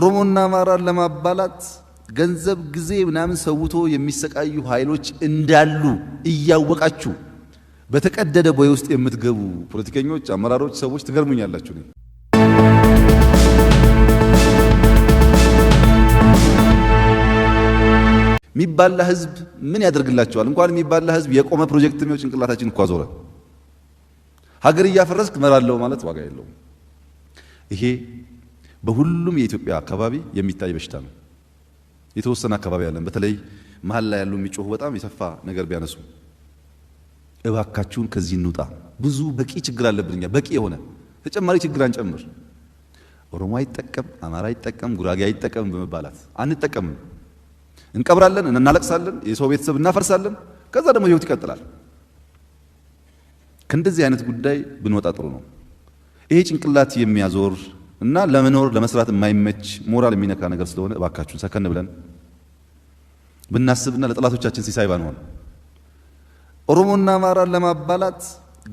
ኦሮሞና አማራን ለማባላት ገንዘብ፣ ጊዜ ምናምን ሰውቶ የሚሰቃዩ ኃይሎች እንዳሉ እያወቃችሁ በተቀደደ ቦይ ውስጥ የምትገቡ ፖለቲከኞች፣ አመራሮች፣ ሰዎች ትገርሙኛላችሁ። እኔ የሚባላ ህዝብ ምን ያደርግላቸዋል? እንኳን የሚባላ ህዝብ የቆመ ፕሮጀክት ነው ጭንቅላታችን እኮ ዞረ። ሀገር እያፈረስክ መራለው ማለት ዋጋ የለውም ይሄ በሁሉም የኢትዮጵያ አካባቢ የሚታይ በሽታ ነው። የተወሰነ አካባቢ ያለን በተለይ መሀል ላይ ያሉ የሚጮሁ በጣም የሰፋ ነገር ቢያነሱ እባካችሁን ከዚህ እንውጣ። ብዙ በቂ ችግር አለብን እኛ በቂ የሆነ ተጨማሪ ችግር አንጨምር። ኦሮሞ አይጠቀም፣ አማራ አይጠቀም፣ ጉራጌ አይጠቀም በመባላት አንጠቀምም። እንቀብራለን፣ እናለቅሳለን፣ የሰው ቤተሰብ እናፈርሳለን። ከዛ ደግሞ ህይወት ይቀጥላል። ከእንደዚህ አይነት ጉዳይ ብንወጣ ጥሩ ነው። ይሄ ጭንቅላት የሚያዞር እና ለመኖር ለመስራት የማይመች ሞራል የሚነካ ነገር ስለሆነ እባካችሁን ሰከን ብለን ብናስብና ለጠላቶቻችን ሲሳይ ባንሆን። ኦሮሞና አማራን ለማባላት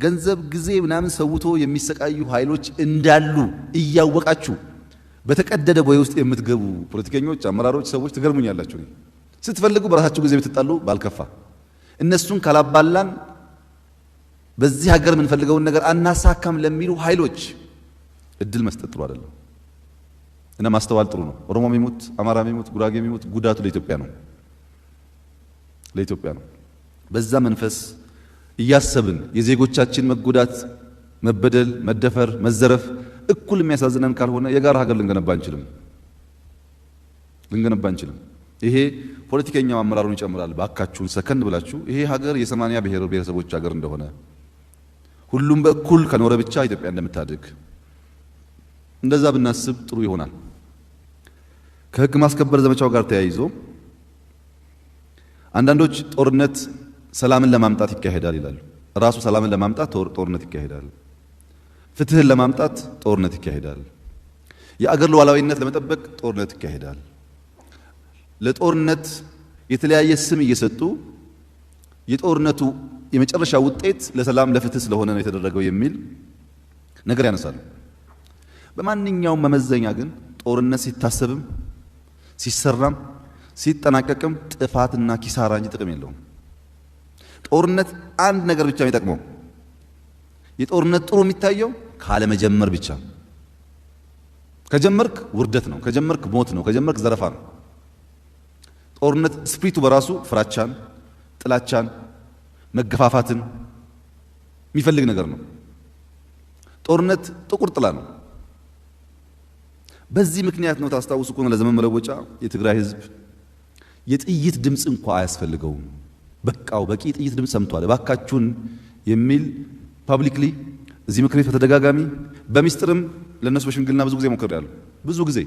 ገንዘብ፣ ጊዜ ምናምን ሰውቶ የሚሰቃዩ ኃይሎች እንዳሉ እያወቃችሁ በተቀደደ ቦይ ውስጥ የምትገቡ ፖለቲከኞች፣ አመራሮች፣ ሰዎች ትገርሙኛላችሁ። ስትፈልጉ በራሳችሁ ጊዜ ብትጣሉ ባልከፋ። እነሱን ካላባላን በዚህ ሀገር የምንፈልገውን ነገር አናሳካም ለሚሉ ኃይሎች እድል መስጠት ጥሩ አይደለም እና ማስተዋል ጥሩ ነው። ኦሮሞ የሚሞት አማራ የሚሞት ጉራጌ የሚሞት ጉዳቱ ለኢትዮጵያ ነው ለኢትዮጵያ ነው። በዛ መንፈስ እያሰብን የዜጎቻችን መጎዳት፣ መበደል፣ መደፈር፣ መዘረፍ እኩል የሚያሳዝነን ካልሆነ የጋራ ሀገር ልንገነባ አንችልም ልንገነባ አንችልም። ይሄ ፖለቲከኛው አመራሩን ይጨምራል። ባካችሁን ሰከን ብላችሁ ይሄ ሀገር የሰማንያ ብሔር ብሔረሰቦች ሀገር እንደሆነ ሁሉም በእኩል ከኖረ ብቻ ኢትዮጵያ እንደምታድግ እንደዛ ብናስብ ጥሩ ይሆናል። ከህግ ማስከበር ዘመቻው ጋር ተያይዞ አንዳንዶች ጦርነት ሰላምን ለማምጣት ይካሄዳል ይላሉ። ራሱ ሰላምን ለማምጣት ጦርነት ይካሄዳል፣ ፍትህን ለማምጣት ጦርነት ይካሄዳል፣ የአገር ሉዓላዊነት ለመጠበቅ ጦርነት ይካሄዳል። ለጦርነት የተለያየ ስም እየሰጡ የጦርነቱ የመጨረሻ ውጤት ለሰላም ለፍትህ ስለሆነ ነው የተደረገው የሚል ነገር ያነሳሉ። በማንኛውም መመዘኛ ግን ጦርነት ሲታሰብም ሲሰራም ሲጠናቀቅም ጥፋትና ኪሳራ እንጂ ጥቅም የለውም። ጦርነት አንድ ነገር ብቻ የሚጠቅመው የጦርነት ጥሩ የሚታየው ካለመጀመር ብቻ። ከጀመርክ ውርደት ነው፣ ከጀመርክ ሞት ነው፣ ከጀመርክ ዘረፋ ነው። ጦርነት ስፕሪቱ በራሱ ፍራቻን፣ ጥላቻን፣ መገፋፋትን የሚፈልግ ነገር ነው። ጦርነት ጥቁር ጥላ ነው። በዚህ ምክንያት ነው ታስታውሱ ከሆነ ለዘመን መለወጫ የትግራይ ህዝብ የጥይት ድምፅ እንኳ አያስፈልገውም፣ በቃው በቂ የጥይት ድምፅ ሰምቷል፣ እባካችሁን የሚል ፓብሊክሊ እዚህ ምክር ቤት በተደጋጋሚ በሚስጥርም ለእነሱ በሽምግልና ብዙ ጊዜ ያሉ ብዙ ጊዜ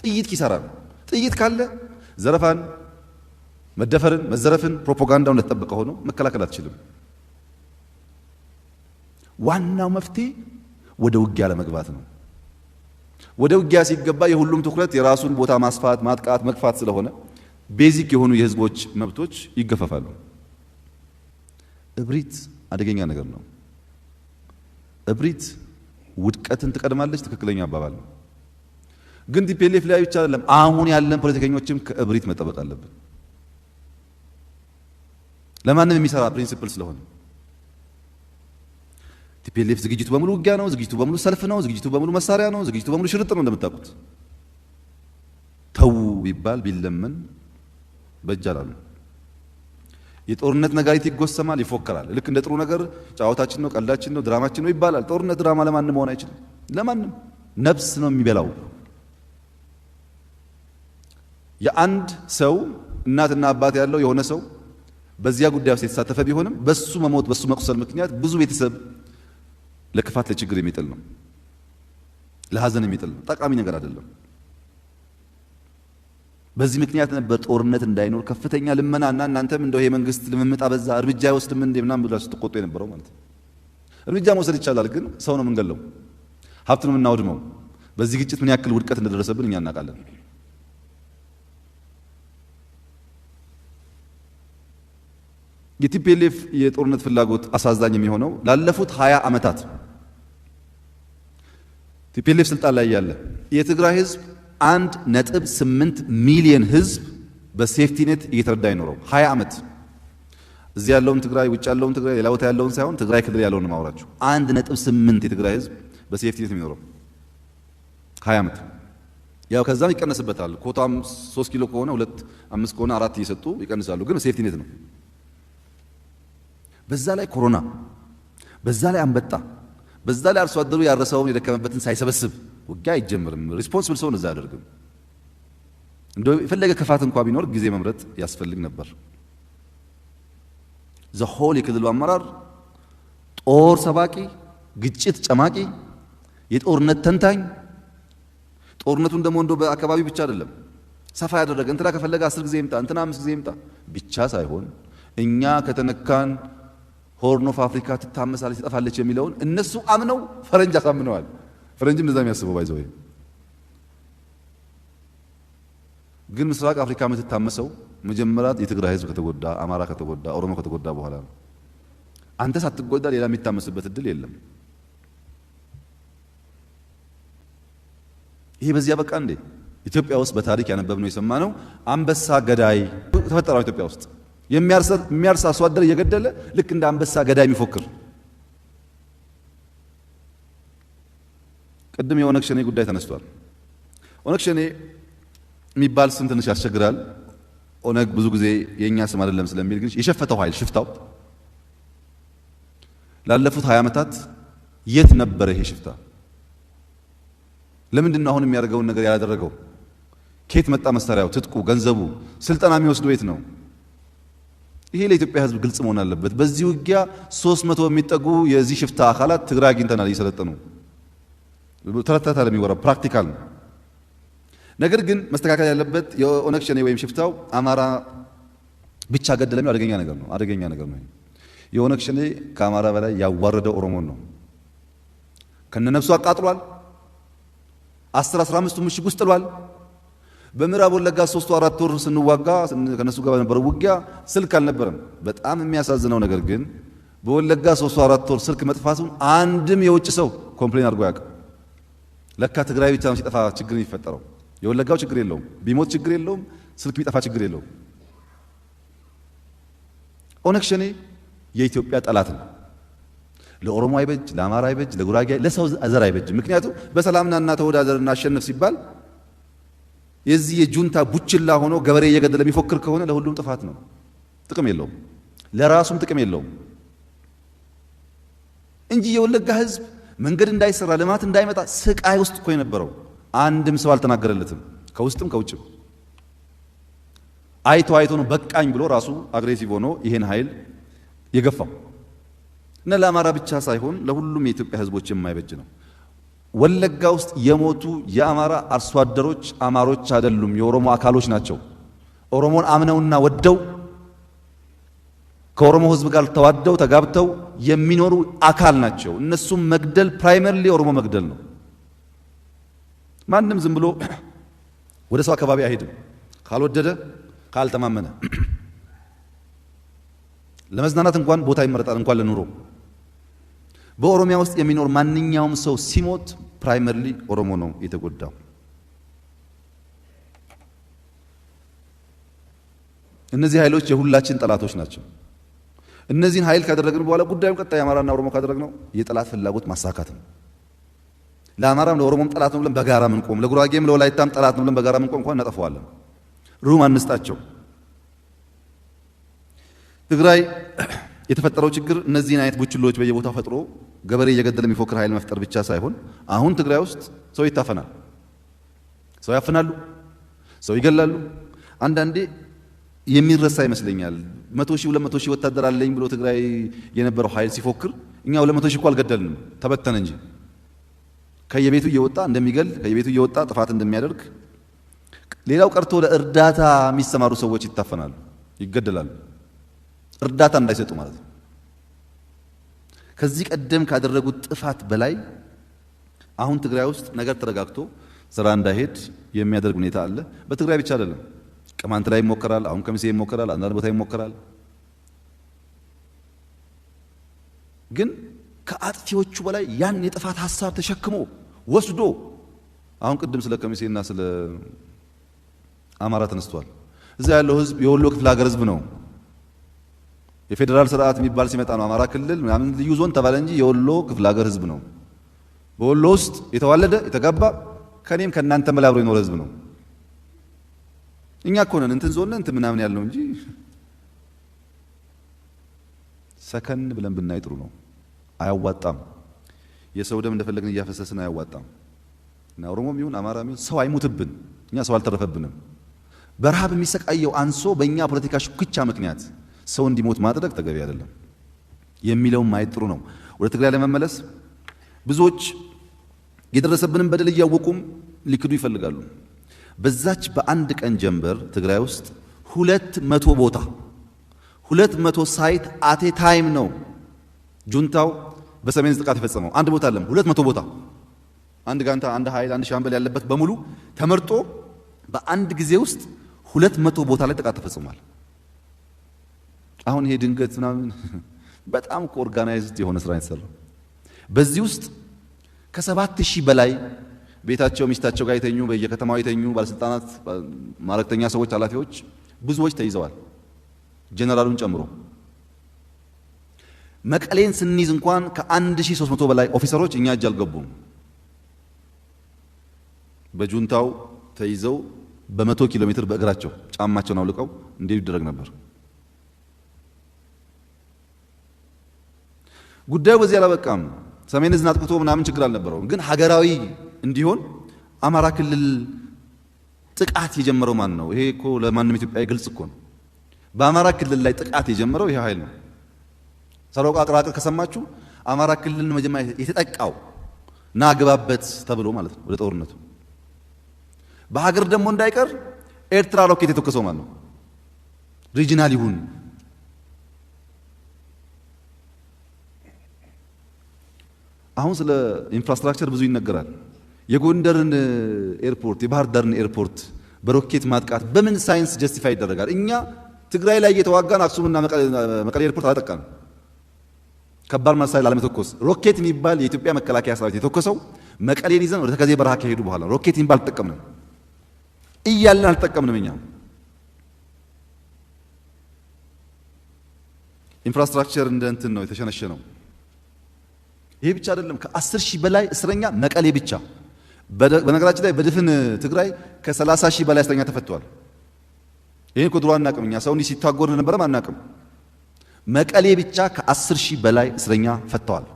ጥይት ኪሳራ ነው። ጥይት ካለ ዘረፋን፣ መደፈርን፣ መዘረፍን ፕሮፓጋንዳው እንደተጠበቀ ሆኖ መከላከል አትችልም። ዋናው መፍትሄ ወደ ውጊያ ለመግባት ነው። ወደ ውጊያ ሲገባ የሁሉም ትኩረት የራሱን ቦታ ማስፋት፣ ማጥቃት፣ መግፋት ስለሆነ ቤዚክ የሆኑ የህዝቦች መብቶች ይገፈፋሉ። እብሪት አደገኛ ነገር ነው። እብሪት ውድቀትን ትቀድማለች። ትክክለኛ አባባል ነው። ግን ቲፒኤልኤፍ ላይ ብቻ አይደለም። አሁን ያለን ፖለቲከኞችም ከእብሪት መጠበቅ አለብን። ለማንም የሚሰራ ፕሪንሲፕል ስለሆነ ቲፒኤልኤፍ ዝግጅቱ በሙሉ ውጊያ ነው፣ ዝግጅቱ በሙሉ ሰልፍ ነው፣ ዝግጅቱ በሙሉ መሳሪያ ነው፣ ዝግጅቱ በሙሉ ሽርጥ ነው። እንደምታውቁት ተዉ ቢባል ቢለመን በእጅ አላሉ። የጦርነት ነጋሪት ይጎሰማል፣ ይፎከራል። ልክ እንደ ጥሩ ነገር ጨዋታችን ነው፣ ቀልዳችን ነው፣ ድራማችን ነው ይባላል። ጦርነት ድራማ ለማንም መሆን አይችልም። ለማንም ነፍስ ነው የሚበላው። የአንድ ሰው እናትና አባት ያለው የሆነ ሰው በዚያ ጉዳይ ውስጥ የተሳተፈ ቢሆንም በሱ መሞት በሱ መቁሰል ምክንያት ብዙ ቤተሰብ ለክፋት ለችግር የሚጥል ነው። ለሀዘን የሚጥል ነው። ጠቃሚ ነገር አይደለም። በዚህ ምክንያት ነበር ጦርነት እንዳይኖር ከፍተኛ ልመናና እናንተም እንደው የመንግስት ልምምጣ በዛ እርምጃ አይወስድም እንዴ ምናምን ብላችሁ ስትቆጡ የነበረው ማለት ነው። እርምጃ መውሰድ ይቻላል፣ ግን ሰው ነው የምንገለው፣ ሀብት ነው የምናወድመው። በዚህ ግጭት ምን ያክል ውድቀት እንደደረሰብን እኛ እናውቃለን። የቲፒኤልኤፍ የጦርነት ፍላጎት አሳዛኝ የሚሆነው ላለፉት ሀያ ዓመታት ቲፒኤልኤፍ ስልጣን ላይ ያለ የትግራይ ህዝብ አንድ ነጥብ ስምንት ሚሊየን ህዝብ በሴፍቲኔት እየተረዳ አይኖረው ሀያ ዓመት እዚህ ያለውን ትግራይ ውጭ ያለውን ትግራይ ሌላ ቦታ ያለውን ሳይሆን ትግራይ ክልል ያለውን ማውራችሁ አንድ ነጥብ ስምንት የትግራይ ህዝብ በሴፍቲኔት የሚኖረው ሀያ ዓመት ያው ከዛም ይቀነስበታል። ኮታም ሶስት ኪሎ ከሆነ ሁለት አምስት ከሆነ አራት እየሰጡ ይቀንሳሉ። ግን ሴፍቲኔት ነው። በዛ ላይ ኮሮና፣ በዛ ላይ አንበጣ በዛ ላይ አርሶ አደሩ ያረሰውን የደከመበትን ሳይሰበስብ ውጊያ አይጀምርም። ሪስፖንስብል ሰውን እዛ አደርግም። እንደ የፈለገ ክፋት እንኳ ቢኖር ጊዜ መምረጥ ያስፈልግ ነበር። ዘሆል የክልሉ አመራር ጦር ሰባቂ፣ ግጭት ጨማቂ፣ የጦርነት ተንታኝ ጦርነቱን ደግሞ እንደ በአካባቢ ብቻ አይደለም ሰፋ ያደረገ እንትና ከፈለገ አስር ጊዜ ይምጣ እንትና አምስት ጊዜ ይምጣ ብቻ ሳይሆን እኛ ከተነካን ሆርን ኦፍ አፍሪካ ትታመሳለች፣ ትጠፋለች የሚለውን እነሱ አምነው ፈረንጅ አሳምነዋል። ፈረንጅም እንደዛ የሚያስበው ባይዘው ግን ምስራቅ አፍሪካ የምትታመሰው መጀመሪያ የትግራይ ህዝብ ከተጎዳ፣ አማራ ከተጎዳ፣ ኦሮሞ ከተጎዳ በኋላ ነው። አንተ ሳትጎዳ ሌላ የሚታመስበት እድል የለም። ይሄ በዚያ በቃ እንዴ! ኢትዮጵያ ውስጥ በታሪክ ያነበብነው የሰማነው አንበሳ ገዳይ ተፈጠረው ኢትዮጵያ ውስጥ የሚያርስ አርሶ አደር እየገደለ ልክ እንደ አንበሳ ገዳይ የሚፎክር ቅድም የኦነግ ሸኔ ጉዳይ ተነስቷል። ኦነግ ሸኔ የሚባል ስም ትንሽ ያስቸግራል። ኦነግ ብዙ ጊዜ የእኛ ስም አይደለም ስለሚል ግን የሸፈተው ኃይል ሽፍታው ላለፉት ሀያ ዓመታት የት ነበረ ይሄ ሽፍታ? ለምንድን ነው አሁን የሚያደርገውን ነገር ያላደረገው? ከየት መጣ መሳሪያው፣ ትጥቁ፣ ገንዘቡ፣ ስልጠና የሚወስዱ ቤት ነው ይሄ ለኢትዮጵያ ህዝብ ግልጽ መሆን አለበት። በዚህ ውጊያ 300 መቶ የሚጠጉ የዚህ ሽፍታ አካላት ትግራይ አግኝተናል። እየሰለጠኑ ተረታታ ለሚወራ ፕራክቲካል ነው። ነገር ግን መስተካከል ያለበት የኦነግ ሸኔ ወይም ሽፍታው አማራ ብቻ ገደለም አደገኛ ነገር ነው። አደገኛ ነገር ነው። የኦነግ ሸኔ ከአማራ በላይ ያዋረደ ኦሮሞን ነው። ከነነፍሱ አቃጥሏል። አስር አስራ አምስቱ ምሽግ ውስጥ ጥሏል። በምዕራብ ወለጋ ሶስቱ አራት ወር ስንዋጋ ከነሱ ጋር በነበረው ውጊያ ስልክ አልነበረም። በጣም የሚያሳዝነው ነገር ግን በወለጋ ሶስቱ አራት ወር ስልክ መጥፋቱን አንድም የውጭ ሰው ኮምፕሌን አድርጎ ያውቅ። ለካ ትግራይ ብቻ ነው ሲጠፋ ችግር የሚፈጠረው። የወለጋው ችግር የለውም፣ ቢሞት ችግር የለውም፣ ስልክ ቢጠፋ ችግር የለውም። ኦነግ ሸኔ የኢትዮጵያ ጠላት ነው። ለኦሮሞ አይበጅ፣ ለአማራ አይበጅ፣ ለጉራጌ፣ ለሰው ዘር አይበጅ። ምክንያቱም በሰላምና እና ተወዳደርና እናሸንፍ ሲባል የዚህ የጁንታ ቡችላ ሆኖ ገበሬ እየገደለ የሚፎክር ከሆነ ለሁሉም ጥፋት ነው። ጥቅም የለውም፣ ለራሱም ጥቅም የለውም እንጂ የወለጋ ህዝብ መንገድ እንዳይሰራ ልማት እንዳይመጣ ስቃይ ውስጥ እኮ የነበረው አንድም ሰው አልተናገረለትም። ከውስጥም ከውጭም አይቶ አይቶ ነው በቃኝ ብሎ ራሱ አግሬሲቭ ሆኖ ይሄን ኃይል የገፋው እና ለአማራ ብቻ ሳይሆን ለሁሉም የኢትዮጵያ ህዝቦች የማይበጅ ነው። ወለጋ ውስጥ የሞቱ የአማራ አርሶ አደሮች አማሮች አይደሉም፣ የኦሮሞ አካሎች ናቸው። ኦሮሞን አምነውና ወደው ከኦሮሞ ሕዝብ ጋር ተዋደው ተጋብተው የሚኖሩ አካል ናቸው። እነሱም መግደል ፕራይመሪሊ ኦሮሞ መግደል ነው። ማንም ዝም ብሎ ወደ ሰው አካባቢ አይሄድም ካልወደደ ካልተማመነ። ለመዝናናት እንኳን ቦታ ይመረጣል፣ እንኳን ለኑሮ በኦሮሚያ ውስጥ የሚኖር ማንኛውም ሰው ሲሞት ፕራይመርሊ ኦሮሞ ነው የተጎዳው። እነዚህ ኃይሎች የሁላችን ጠላቶች ናቸው። እነዚህን ኃይል ካደረግን በኋላ ጉዳዩን ቀጣይ አማራና ኦሮሞ ካደረግነው የጠላት ፍላጎት ማሳካት ነው። ለአማራም ለኦሮሞም ጠላት ነው ብለን በጋራ ምንቆም፣ ለጉራጌም ለወላይታም ጠላት ነው ብለን በጋራ ምንቆም እንኳን እናጠፈዋለን። ሩም አንስጣቸው። ትግራይ የተፈጠረው ችግር እነዚህን አይነት ቡችሎች በየቦታው ፈጥሮ ገበሬ እየገደለ የሚፎክር ኃይል መፍጠር ብቻ ሳይሆን አሁን ትግራይ ውስጥ ሰው ይታፈናል፣ ሰው ያፍናሉ፣ ሰው ይገላሉ። አንዳንዴ የሚረሳ ይመስለኛል። መቶ ሺህ ሁለት መቶ ሺህ ወታደር አለኝ ብሎ ትግራይ የነበረው ኃይል ሲፎክር እኛ ሁለት መቶ ሺህ እኮ አልገደልንም ተበተን እንጂ ከየቤቱ እየወጣ እንደሚገል ከየቤቱ እየወጣ ጥፋት እንደሚያደርግ ሌላው ቀርቶ ለእርዳታ የሚሰማሩ ሰዎች ይታፈናሉ፣ ይገደላሉ። እርዳታ እንዳይሰጡ ማለት ነው። ከዚህ ቀደም ካደረጉት ጥፋት በላይ አሁን ትግራይ ውስጥ ነገር ተረጋግቶ ስራ እንዳይሄድ የሚያደርግ ሁኔታ አለ። በትግራይ ብቻ አይደለም፣ ቅማንት ላይ ይሞከራል፣ አሁን ከሚሴ ይሞከራል፣ አንዳንድ ቦታ ይሞከራል። ግን ከአጥፊዎቹ በላይ ያን የጥፋት ሀሳብ ተሸክሞ ወስዶ አሁን ቅድም ስለ ከሚሴና ስለ አማራ ተነስቷል። እዛ ያለው ህዝብ የወሎ ክፍለ ሀገር ህዝብ ነው። የፌዴራል ስርዓት የሚባል ሲመጣ ነው አማራ ክልል ምናምን ልዩ ዞን ተባለ እንጂ የወሎ ክፍለ ሀገር ህዝብ ነው። በወሎ ውስጥ የተዋለደ የተጋባ ከኔም ከእናንተ መላብሮ የኖረ ህዝብ ነው። እኛ እኮ ነን እንትን ዞን እንትን ምናምን ያለው እንጂ ሰከን ብለን ብናይ ጥሩ ነው። አያዋጣም። የሰው ደም እንደፈለግን እያፈሰስን አያዋጣም። እና ኦሮሞም ይሁን አማራ ይሁን ሰው አይሞትብን፣ እኛ ሰው አልተረፈብንም። በረሃብ የሚሰቃየው አንሶ በእኛ ፖለቲካ ሽኩቻ ምክንያት ሰው እንዲሞት ማድረግ ተገቢ አይደለም የሚለውን ማየት ጥሩ ነው። ወደ ትግራይ ለመመለስ ብዙዎች የደረሰብንን በደል እያወቁም ሊክዱ ይፈልጋሉ። በዛች በአንድ ቀን ጀንበር ትግራይ ውስጥ ሁለት መቶ ቦታ ሁለት መቶ ሳይት አቴ ታይም ነው ጁንታው በሰሜን ጥቃት የፈጸመው። አንድ ቦታ አለም ሁለት መቶ ቦታ አንድ ጋንታ፣ አንድ ኃይል፣ አንድ ሻምበል ያለበት በሙሉ ተመርጦ በአንድ ጊዜ ውስጥ ሁለት መቶ ቦታ ላይ ጥቃት ተፈጽሟል። አሁን ይሄ ድንገት ምናምን በጣም ኦርጋናይዝድ የሆነ ስራ የተሰራ በዚህ ውስጥ ከሰባት ሺህ በላይ ቤታቸው ሚስታቸው ጋር የተኙ በየከተማው የተኙ ባለስልጣናት፣ ማረክተኛ ሰዎች፣ ኃላፊዎች ብዙዎች ተይዘዋል፣ ጀነራሉን ጨምሮ። መቀሌን ስንይዝ እንኳን ከ1300 በላይ ኦፊሰሮች እኛ እጅ አልገቡም። በጁንታው ተይዘው በመቶ ኪሎ ሜትር በእግራቸው ጫማቸውን አውልቀው እንዲሄዱ ይደረግ ነበር። ጉዳዩ በዚህ አላበቃም። ሰሜን ዕዝን አጥቅቶ ምናምን ችግር አልነበረውም። ግን ሀገራዊ እንዲሆን አማራ ክልል ጥቃት የጀመረው ማን ነው? ይሄ እኮ ለማንም ኢትዮጵያዊ ግልጽ እኮ ነው። በአማራ ክልል ላይ ጥቃት የጀመረው ይሄ ኃይል ነው። ሰሮቃ አቅራቅር ከሰማችሁ አማራ ክልልን መጀመሪያ የተጠቃው ና ግባበት ተብሎ ማለት ነው ወደ ጦርነቱ። በሀገር ደግሞ እንዳይቀር ኤርትራ ሮኬት የተኮሰው ማለት ነው ሪጂናል ይሁን አሁን ስለ ኢንፍራስትራክቸር ብዙ ይነገራል። የጎንደርን ኤርፖርት፣ የባህር ዳርን ኤርፖርት በሮኬት ማጥቃት በምን ሳይንስ ጀስቲፋይ ይደረጋል? እኛ ትግራይ ላይ እየተዋጋን አክሱምና መቀሌ ኤርፖርት አላጠቃንም። ከባድ መሳሪያ ላለመተኮስ ሮኬት የሚባል የኢትዮጵያ መከላከያ ሰራዊት የተኮሰው መቀሌን ይዘን ወደ ተከዜ በረሃ ከሄዱ በኋላ ሮኬት የሚባል አልጠቀምንም፣ እያለን አልጠቀምንም። እኛ ኢንፍራስትራክቸር እንደ እንትን ነው የተሸነሸነው። ይሄ ብቻ አይደለም። ከአስር ሺህ በላይ እስረኛ መቀሌ ብቻ። በነገራችን ላይ በድፍን ትግራይ ከሰላሳ ሺህ በላይ እስረኛ ተፈቷል። ይህን እኮ ድሮ አናቅም እኛ ሰው ሲታጎር ነበረም አናቅም። መቀሌ ብቻ ከአስር ሺህ በላይ እስረኛ ፈተዋል።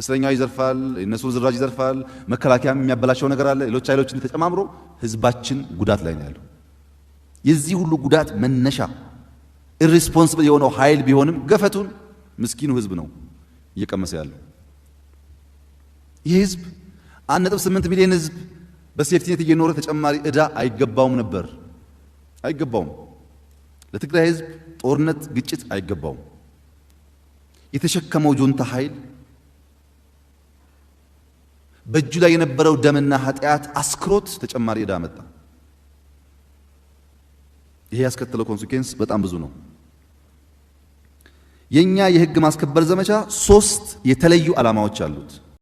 እስረኛው ይዘርፋል፣ የነሱ ዝራጅ ይዘርፋል፣ መከላከያም የሚያበላሸው ነገር አለ። ሌሎች ኃይሎችን ተጨማምሮ ህዝባችን ጉዳት ላይ ነው ያለው። የዚህ ሁሉ ጉዳት መነሻ ኢሪስፖንስብል የሆነው ኃይል ቢሆንም ገፈቱን ምስኪኑ ህዝብ ነው እየቀመሰ ያለው። ይህ ህዝብ አንድ ነጥብ ስምንት ሚሊዮን ህዝብ በሴፍቲኔት እየኖረ ተጨማሪ እዳ አይገባውም ነበር። አይገባውም። ለትግራይ ህዝብ ጦርነት፣ ግጭት አይገባውም። የተሸከመው ጁንታ ኃይል በእጁ ላይ የነበረው ደምና ኃጢአት አስክሮት ተጨማሪ እዳ መጣ። ይሄ ያስከተለው ኮንሲኩዌንስ በጣም ብዙ ነው። የኛ የህግ ማስከበር ዘመቻ ሶስት የተለዩ ዓላማዎች አሉት።